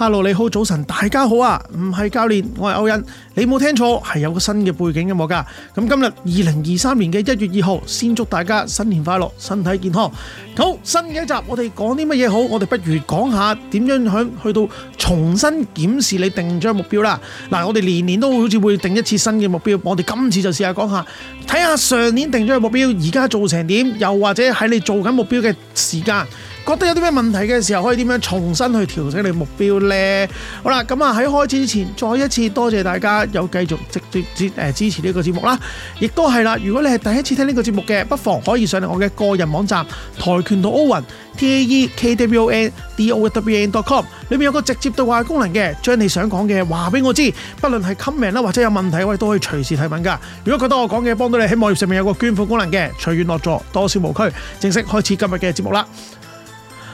Hello，你好，早晨，大家好啊！唔係教練，我係歐欣，你冇聽錯，係有個新嘅背景嘅我噶。咁今日二零二三年嘅一月二號，先祝大家新年快樂，身體健康。好，新嘅一集，我哋講啲乜嘢好？我哋不如講下點樣響去，去到重新檢視你定咗目標啦。嗱、嗯，我哋年年都好似會定一次新嘅目標，我哋今次就試下講下，睇下上年定咗嘅目標，而家做成點？又或者喺你做緊目標嘅時間？覺得有啲咩問題嘅時候，可以點樣重新去調整你的目標呢？好啦，咁啊喺開始之前，再一次多謝大家有繼續直接支持呢個節目啦。亦都係啦，如果你係第一次聽呢個節目嘅，不妨可以上嚟我嘅個人網站跆拳道 Owen T A E K W O N D O W E N dot com，裏面有個直接對話的功能嘅，將你想講嘅話俾我知。不論係 comment 啦，或者有問題，我哋都可以隨時提問噶。如果覺得我講嘅幫到你，喺網頁上面有個捐款功能嘅，隨緣樂助，多少無拘。正式開始今日嘅節目啦。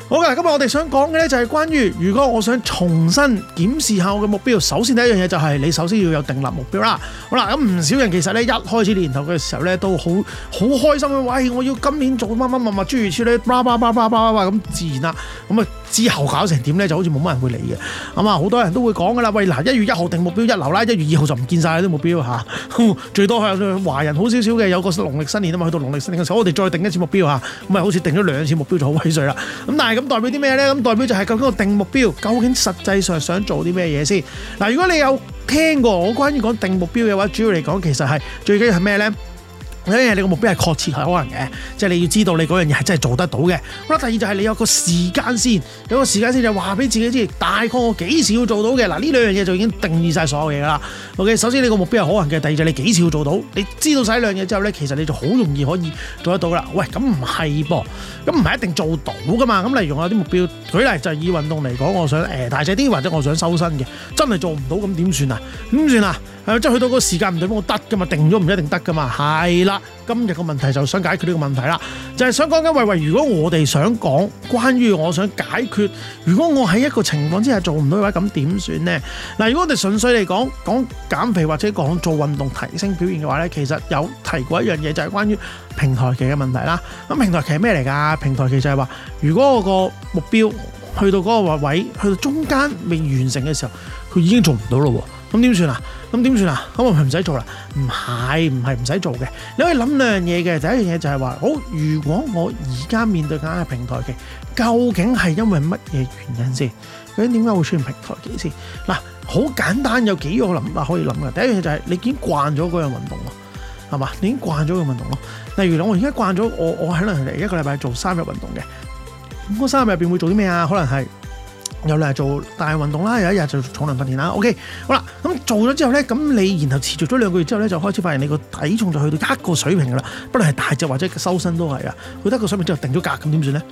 好嘅，今日我哋想講嘅咧，就係關於如果我想重新檢視下我嘅目標，首先第一樣嘢就係你首先要有定立目標啦。好啦，咁唔少人其實咧，一開始年頭嘅時候咧都好好開心嘅，喂、哎，我要今年做乜乜乜乜諸如此類，叭叭叭叭叭叭咁自然啦，咁啊。之後搞成點咧，就好似冇乜人會理嘅咁啊！好、嗯、多人都會講噶啦，喂嗱，一月一號定目標一流啦，一月二號就唔見晒啲、那個、目標吓，最多係華人好少少嘅，有個農曆新年吖嘛，去到農曆新年嘅時候，我哋再定一次目標咁咪、啊、好似定咗兩次目標就好威水啦。咁、嗯、但係咁代表啲咩咧？咁代表就係究竟我定目標，究竟實際上想做啲咩嘢先嗱？如果你有聽過我關於講定目標嘅話，主要嚟講其實係最緊要係咩咧？你個目標係確切係可能嘅，即、就、係、係、你要知道你嗰樣嘢係真係做得到嘅。咁啦，第二就係你有個時間先，有個時間先就話俾自己知，大概我幾時要做到嘅。嗱，呢兩樣嘢就已經定義晒所有嘢啦。OK，首先你個目標係可行嘅，第二就係你幾時要做到，你知道晒呢兩樣嘢之後咧，其實你就好容易可以做得到啦。喂，咁唔係噃，咁唔係一定做到噶嘛。咁例如我有啲目標，舉例就係、以運動嚟講，我想誒、呃、大隻啲或者我想修身嘅，真係做唔到，咁點算啊？點算啊？係，即係去到個時間唔對，我得噶嘛？定咗唔一定得噶嘛？係啦，今日個問題就想解決呢個問題啦，就係想講緊喂喂，如果我哋想講關於我想解決，如果我喺一個情況之下做唔到嘅話，咁點算呢？嗱，如果我哋純粹嚟講講減肥或者講做運動提升表現嘅話呢，其實有提過一樣嘢，就係關於平台期嘅問題啦。咁平台期係咩嚟㗎？平台期就係話，如果我個目標去到嗰個位，去到中間未完成嘅時候，佢已經做唔到啦喎。咁點算啊？咁點算啊？咁我係唔使做啦？唔係，唔係唔使做嘅。你可以諗兩樣嘢嘅。第一樣嘢就係話，好，如果我而家面對緊嘅平台期，究竟係因為乜嘢原因先？究竟點解會出現平台期先？嗱，好簡單，有幾個諗法可以諗嘅。第一樣嘢就係你已經慣咗嗰樣運動咯，係嘛？你已經慣咗個運動咯。例如你我而家慣咗，我我可能嚟一個禮拜做三日運動嘅。咁嗰三日入邊會做啲咩啊？可能係。有你係做大運動啦，有一日就重量訓練啦。OK，好啦，咁做咗之後咧，咁你然後持續咗兩個月之後咧，就開始發現你個體重就去到一個水平噶啦，不論係大隻或者修身都係啊，去到一個水平之後定咗格，咁點算咧？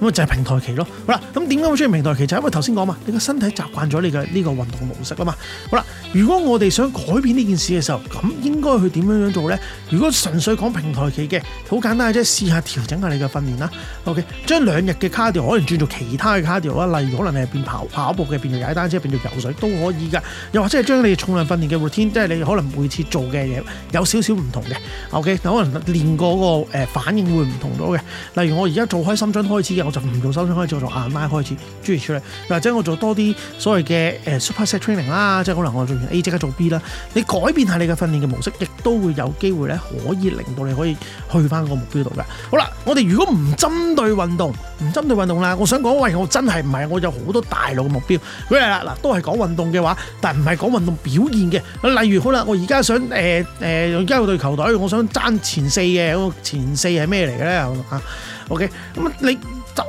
咁就係平台期咯，好啦，咁點解會出現平台期？就係、是、因為頭先講嘛，你嘅身體習慣咗你嘅呢個運動模式啊嘛。好啦，如果我哋想改變呢件事嘅時候，咁應該去點樣樣做咧？如果純粹講平台期嘅，好簡單，即係試下調整下你嘅訓練啦。O K，將兩日嘅 cardio 可能轉做其他嘅 cardio 啦，例如可能你係變跑跑步嘅，變做踩單車變做游水都可以噶。又或者係將你重量訓練嘅 routine 即係你可能每次做嘅嘢有少少唔同嘅。O、OK? K，可能練過、那個誒、呃、反應會唔同咗嘅。例如我而家做開深蹲開始嘅。我就唔做收身，可以做做阿拉開始，專業出理，或者我做多啲所謂嘅誒、呃、superset training 啦，即係可能我做完 A 即刻做 B 啦。你改變下你嘅訓練嘅模式，亦都會有機會咧，可以令到你可以去翻個目標度嘅。好啦，我哋如果唔針對運動，唔針對運動啦，我想講，喂，我真係唔係，我有好多大路嘅目標。嗱，都係講運動嘅話，但唔係講運動表現嘅。例如，好啦，我而家想誒誒，而家隊球隊，我想爭前四嘅，咁、嗰個、前四係咩嚟嘅咧？啊，OK，咁你。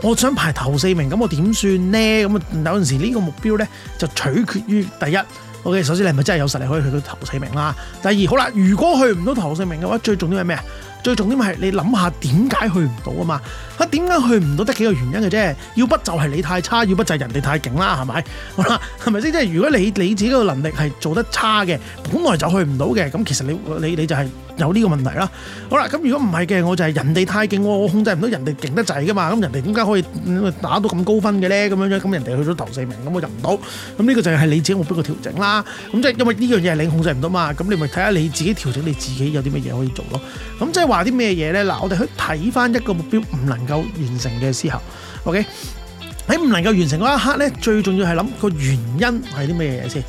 我想排頭四名，咁我點算呢？咁有陣時呢個目標呢，就取決於第一。O.K. 首先你係咪真係有實力可以去到頭四名啦？第二好啦，如果去唔到頭四名嘅話，最重點係咩啊？最重點係你諗下點解去唔到啊嘛？啊，點解去唔到？得幾個原因嘅啫。要不就係你太差，要不就係人哋太勁啦，係咪？好啦，係咪先？即係如果你你自己個能力係做得差嘅，本來就去唔到嘅，咁其實你你你就係。有呢個問題啦，好啦，咁如果唔係嘅，我就係人哋太勁，我控制唔到人哋勁得滯噶嘛，咁人哋點解可以打到咁高分嘅咧？咁樣樣，咁人哋去咗頭四名，咁我入唔到，咁呢個就係你自己目標嘅調整啦。咁即係因為呢樣嘢係你控制唔到嘛，咁你咪睇下你自己調整，你自己有啲乜嘢可以做咯。咁即係話啲咩嘢咧？嗱，我哋去睇翻一個目標唔能夠完成嘅時候，OK，喺唔能夠完成嗰一刻咧，最重要係諗個原因係啲咩嘢先。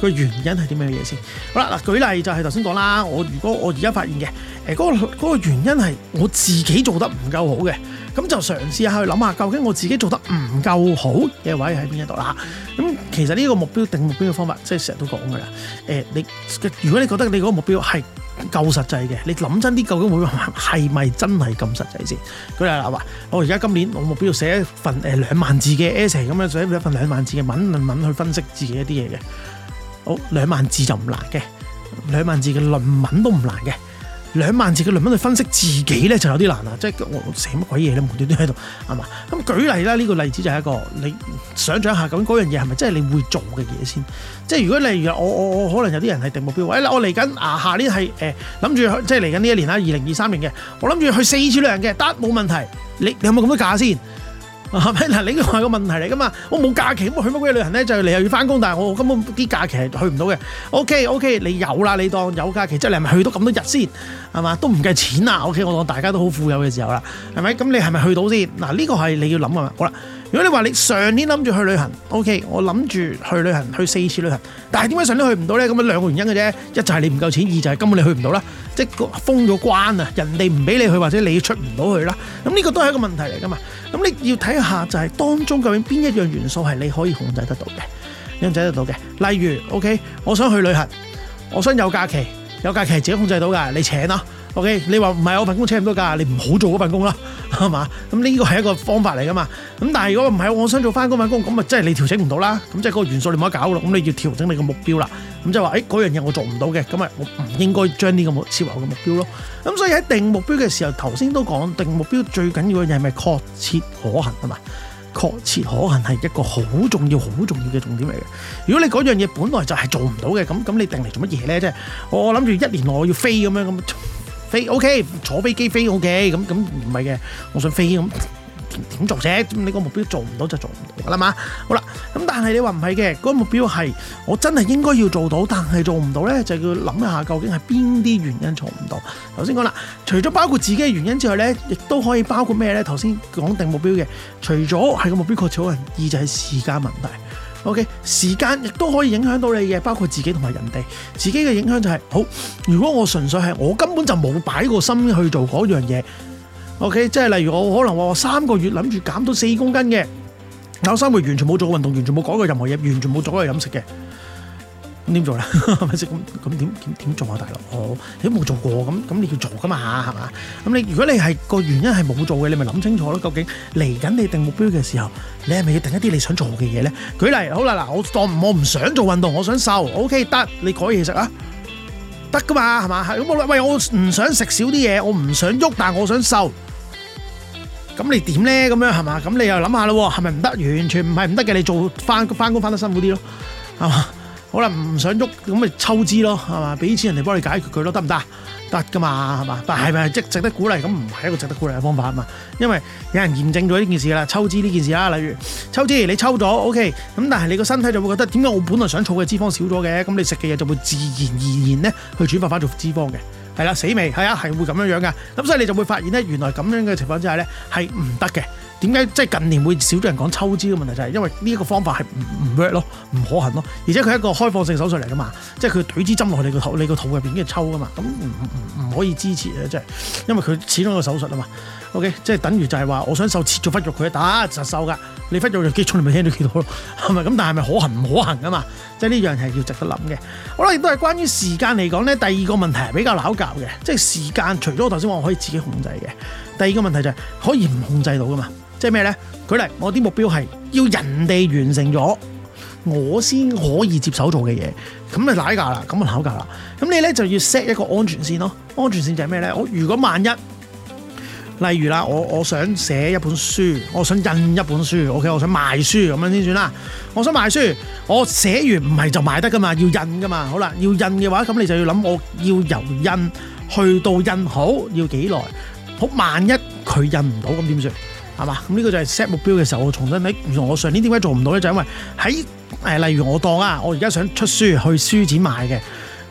個原因係啲咩嘢先？好啦，嗱，舉例就係頭先講啦。我如果我而家發現嘅誒嗰個嗰個原因係我自己做得唔夠好嘅，咁就嘗試去想下去諗下，究竟我自己做得唔夠好嘅位喺邊一度啦。咁其實呢個目標定目標嘅方法，即係成日都講㗎啦。誒、欸，你如果你覺得你嗰個目標係夠實際嘅，你諗真啲，究竟會係咪真係咁實際先？舉例啦，話我而家今年我目標寫一份誒、呃、兩萬字嘅 essay 咁樣寫一份兩萬字嘅文論文去分析自己一啲嘢嘅，好、哦、兩萬字就唔難嘅，兩萬字嘅論文都唔難嘅，兩萬字嘅論文去分析自己咧就有啲難啊！即係我寫乜鬼嘢咧，無端端喺度係嘛？咁舉例啦，呢、呢個例子就係一個你想像下，咁嗰樣嘢係咪真係你會做嘅嘢先？即係如果例如我我我可能有啲人係定目標喂我嚟緊啊下年係誒諗住即係嚟緊呢一年啦，二零二三年嘅，我諗住去四處旅行嘅，得冇問題。你你有冇咁嘅價先？係咪嗱？呢個係個問題嚟噶嘛？我冇假期，我去乜鬼旅行咧，就係你又要翻工，但係我根本啲假期係去唔到嘅。OK，OK，okay, okay, 你有啦，你當有假期，即係你係咪去到咁多日先係嘛？都唔計錢啦。OK，我當大家都好富有嘅時候啦，係咪？咁你係咪去到先嗱？呢個係你要諗噶嘛？好啦。如果你話你上年諗住去旅行，OK，我諗住去旅行，去四次旅行，但係點解上年去唔到呢？咁啊，兩個原因嘅啫，一就係你唔夠錢，二就係根本你去唔到啦，即係封咗關啊，人哋唔俾你去，或者你出唔到去啦。咁呢個都係一個問題嚟噶嘛。咁你要睇下就係當中究竟邊一樣元素係你可以控制得到嘅，控制得到嘅。例如，OK，我想去旅行，我想有假期，有假期係自己控制到噶，你請啦。O.K. 你話唔係我份工請唔到假，你唔好做嗰份工啦，係嘛？咁呢個係一個方法嚟噶嘛。咁但係如果唔係，我想做翻嗰份工，咁咪真係你調整唔到啦。咁即係嗰個元素你冇得搞咯。咁你要調整你個目標啦。咁即係話，誒、哎、嗰樣嘢我做唔到嘅，咁咪我唔應該將呢個目標設為我嘅目標咯。咁所以喺定目標嘅時候，頭先都講定目標最緊要嘅嘢係咪確切可行，係嘛？確切可行係一個好重要、好重要嘅重點嚟嘅。如果你嗰樣嘢本來就係做唔到嘅，咁咁你定嚟做乜嘢咧？即係我諗住一年內我要飛咁樣咁。飛，OK，坐飛機飛 OK，咁咁唔係嘅，我想飛咁點做啫？你、個目標做唔到就做唔到啦嘛。好啦，咁但係你話唔係嘅，個目標係我真係應該要做到，但係做唔到咧，就要諗一下究竟係邊啲原因做唔到。頭先講啦，除咗包括自己嘅原因之外咧，亦都可以包括咩咧？頭先講定目標嘅，除咗係個目標確實好難，二就係、是、時間問題。O.K. 時間亦都可以影響到你嘅，包括自己同埋人哋。自己嘅影響就係、是、好。如果我純粹係我根本就冇擺過心去做嗰樣嘢。O.K. 即係例如我可能話我三個月諗住減到四公斤嘅，我三個月完全冇做過運動，完全冇改過任何嘢，完全冇做過飲食嘅。咁點做咧？係咪先？咁咁點點點做啊，大佬？我你都冇做過，咁咁你要做噶嘛？係嘛？咁你如果你係個原因係冇做嘅，你咪諗清楚咯。究竟嚟緊你定目標嘅時候，你係咪要定一啲你想做嘅嘢咧？舉例，好啦，嗱，我當我唔想做運動，我想瘦，OK 得，你改嘢食啊，得噶嘛，係嘛？咁我喂我唔想食少啲嘢，我唔想喐，但係我想瘦，咁你點咧？咁樣係嘛？咁你又諗下咯，係咪唔得？完全唔係唔得嘅，你做翻翻工翻得辛苦啲咯，係嘛？可能唔想喐咁咪抽脂咯，係嘛？俾啲錢人哋幫你解決佢咯，得唔得？得噶嘛，係嘛？但係咪即值得鼓勵？咁唔係一個值得鼓勵嘅方法啊嘛。因為有人驗證咗呢件事啦，抽脂呢件事啊，例如抽脂你抽咗 OK，咁但係你個身體就會覺得點解我本來想儲嘅脂肪少咗嘅，咁你食嘅嘢就會自然而然咧去轉化翻做脂肪嘅，係啦，死未係啊，係會咁樣樣噶。咁所以你就會發現咧，原來咁樣嘅情況之下咧係唔得嘅。點解即係近年會少咗人講抽脂嘅問題，就係因為呢一個方法係唔 work 咯，唔可行咯。而且佢係一個開放性手術嚟噶嘛，即係佢懟支針落去你個肚，你個肚入邊嘅抽噶嘛，咁唔唔可以支持啊！即係因為佢始終個手術啊嘛。OK，即係等於就係話，我想瘦切咗忽肉佢打就瘦噶，你忽肉就幾重你咪輕到幾多咯，係咪咁？但係咪可行唔可行啊嘛？即係呢樣係要值得諗嘅。好啦，亦都係關於時間嚟講咧，第二個問題係比較撈教嘅，即係時間除咗頭先我可以自己控制嘅，第二個問題就係可以唔控制到噶嘛。即係咩咧？舉例，我啲目標係要人哋完成咗，我先可以接手做嘅嘢。咁咪踩架啦，咁咪考架啦。咁你咧就要 set 一個安全線咯。安全線就係咩咧？我如果萬一，例如啦，我我想寫一本書，我想印一本書，OK，我想賣書咁樣先算啦。我想賣書，我寫完唔係就賣得噶嘛，要印噶嘛。好啦，要印嘅話，咁你就要諗，我要由印去到印好要幾耐？好，萬一佢印唔到，咁點算？係吧，咁呢個就係 set 目標嘅時候，我重新睇。原來我上年點解做唔到呢？就因為喺例如我當啊，我而家想出書去書展賣嘅。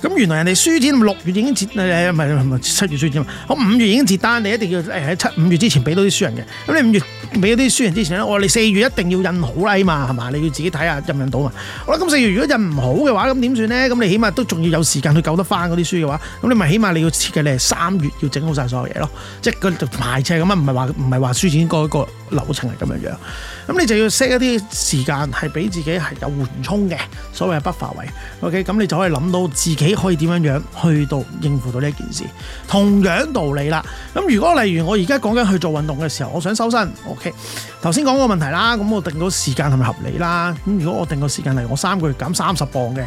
咁原來人哋書展六月已經截，唔係唔係七月書展嘛。咁五月已經截單，你一定要喺七五月之前俾到啲書人嘅。咁你五月俾咗啲書人之前咧，我哋四月一定要印好啦，起碼係嘛？你要自己睇下印唔印到嘛？好啦，咁四月如果印唔好嘅話，咁點算咧？咁你起碼都仲要有時間去救得翻嗰啲書嘅話，咁你咪起碼你要設計你係三月要整好晒所有嘢咯。即係就排程咁啊，唔係話唔係話書展嗰個流程係咁樣樣。咁你就要 set 一啲時間係俾自己係有緩衝嘅，所謂不發圍。O K，咁你就可以諗到自己。可以點樣樣去到應付到呢一件事？同樣道理啦。咁如果例如我而家講緊去做運動嘅時候，我想收身，OK。頭先講個問題啦，咁我定到時間係咪合理啦？咁如果我定個時間係我三個月減三十磅嘅？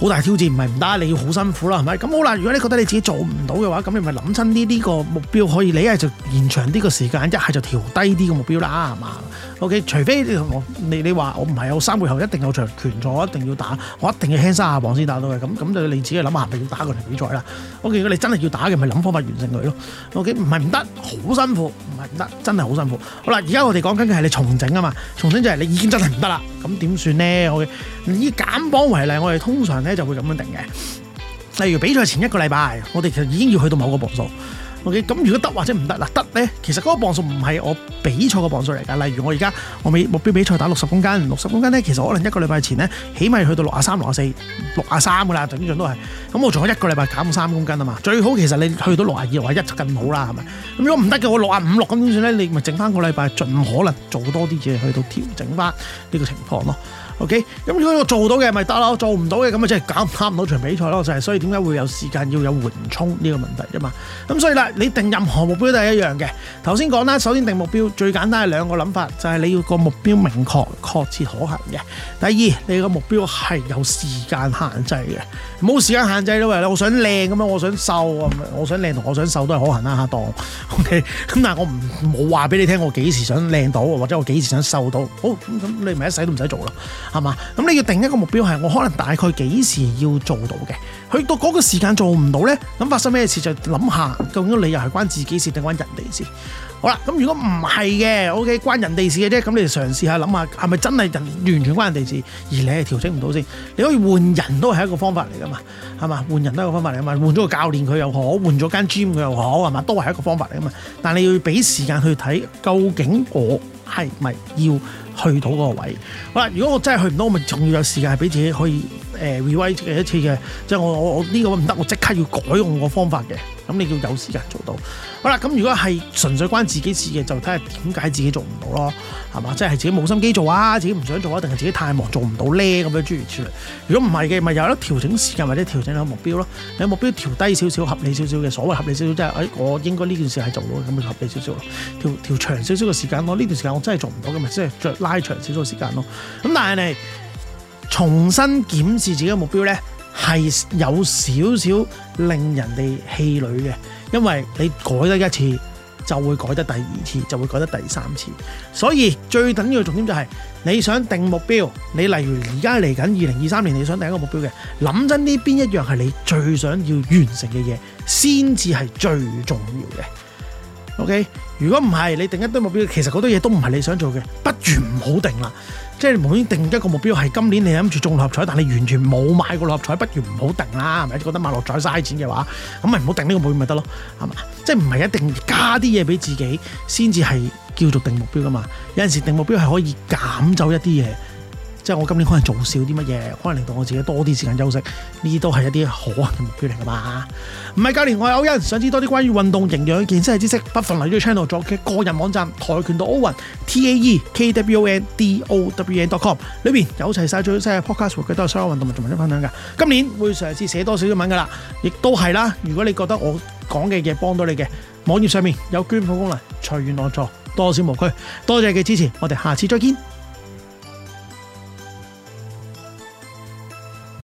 好大挑戰，唔係唔得，你要好辛苦啦，係咪？咁好啦，如果你覺得你自己做唔到嘅話，咁你咪諗親啲呢個目標可以，你一係就延長啲個時間，一係就調低啲個目標啦，係嘛？OK，除非你同我你你話我唔係，有三個月後一定有場拳賽，一定要打，我一定要輕三下磅先打到嘅，咁咁就你自己諗下，係咪要打嗰場比賽啦？OK，如果你真係要打嘅，咪諗方法完成佢咯。OK，唔係唔得，好辛苦，唔係唔得，真係好辛苦。好啦，而家我哋講緊嘅係你重整啊嘛，重整就係你已經真係唔得啦。咁點算咧？我以減磅為例，我哋通常咧就會咁樣定嘅。例如比賽前一個禮拜，我哋其實已經要去到某個磅數。O K，咁如果得或者唔得嗱？得咧，其實嗰個磅數唔係我比賽嘅磅數嚟噶。例如我而家我嘅目標比賽打六十公斤，六十公斤咧，其實可能一個禮拜前咧，起碼去到六啊三、六啊四、六啊三噶啦，頂盡都係。咁我仲有一個禮拜減三公斤啊嘛。最好其實你去到六啊二或者六啊一就更好啦，係咪？咁如果唔得嘅，我六啊五、六咁點算咧？你咪剩翻個禮拜，盡可能做多啲嘢去到調整翻呢個情況咯。O K，咁如果做我做到嘅咪得咯，做唔到嘅咁咪即係搞唔到場比賽咯，就係所以點解會有時間要有緩衝呢個問題啫嘛。咁所以啦，你定任何目標都係一樣嘅。頭先講啦，首先定目標最簡單係兩個諗法，就係、是、你要個目標明確、確切、可行嘅。第二，你個目標係有時間限制嘅，冇時間限制都話我想靚咁樣，我想瘦咁，我想靚同我，我，我想瘦都係可行啦、啊，當 O K。咁、okay，但係我唔冇話俾你聽，我幾時想靚到或者我幾時想瘦到，好咁你咪一世都唔使做咯。係嘛？咁你要定一個目標係，我可能大概幾時要做到嘅？去到嗰個時間做唔到咧，咁發生咩事就諗下究竟你又係關自己事定關人哋事？好啦，咁如果唔係嘅，OK，關人哋事嘅啫，咁你嘗試下諗下係咪真係就完全關人哋事，而你係調整唔到先？你可以換人都係一個方法嚟噶嘛，係嘛？換人都係一個方法嚟噶嘛？換咗個教練佢又好，換咗間 gym 佢又好，係嘛？都係一個方法嚟噶嘛？但係你要俾時間去睇究竟我。係咪要去到嗰個位？好啦，如果我真係去唔到，我咪仲要有時間係俾自己可以誒 revisit 一次嘅，即係我我我呢個位唔得，我即刻要改用個方法嘅。咁你要有時間做到。好啦，咁如果係純粹關自己事嘅，就睇下點解自己做唔到咯，係嘛？即係自己冇心機做啊，自己唔想做啊，定係自己太忙做唔到咧咁樣諸如此類。如果唔係嘅，咪有得調整時間或者調整下目標咯。你目標調低少少，合理少少嘅，所謂合理少少即係我應該呢件事係做到，咁咪合理少少咯。調調長少少嘅時間，我呢段時間。真係做唔到嘅咪，即係再拉長少少時間咯。咁但係你重新檢視自己嘅目標呢，係有少少令人哋氣餒嘅，因為你改得一次就會改得第二次，就會改得第三次。所以最緊要嘅重點就係你想定目標，你例如而家嚟緊二零二三年，你想定一個目標嘅，諗真呢邊一樣係你最想要完成嘅嘢，先至係最重要嘅。OK，如果唔係你定一堆目標，其實好多嘢都唔係你想做嘅，不如唔好定啦。即係無端定一個目標係今年你諗住中六合彩，但你完全冇買過六合彩，不如唔好定啦，係咪？覺得買六合彩嘥錢嘅話，咁咪唔好定呢個目標咪得咯，係嘛？即係唔係一定加啲嘢俾自己先至係叫做定目標噶嘛？有陣時定目標係可以減走一啲嘢。即係我今年可能做少啲乜嘢，可能令到我自己多啲時間休息，呢啲都係一啲可行嘅目標嚟㗎嘛。唔係教練，我係歐恩。想知多啲關於運動營養、健身嘅知識，不妨嚟呢個 channel 做嘅個人網站跆拳道歐恩 T A E K W O N D O W E N dot com 裏邊有齊晒最新嘅 podcast，佢都係所有運動同埋分享㗎。今年會嘗試寫多少少文㗎啦，亦都係啦。如果你覺得我講嘅嘢幫到你嘅，網頁上面有捐款功能，隨緣樂助，多少無拘。多謝你嘅支持，我哋下次再見。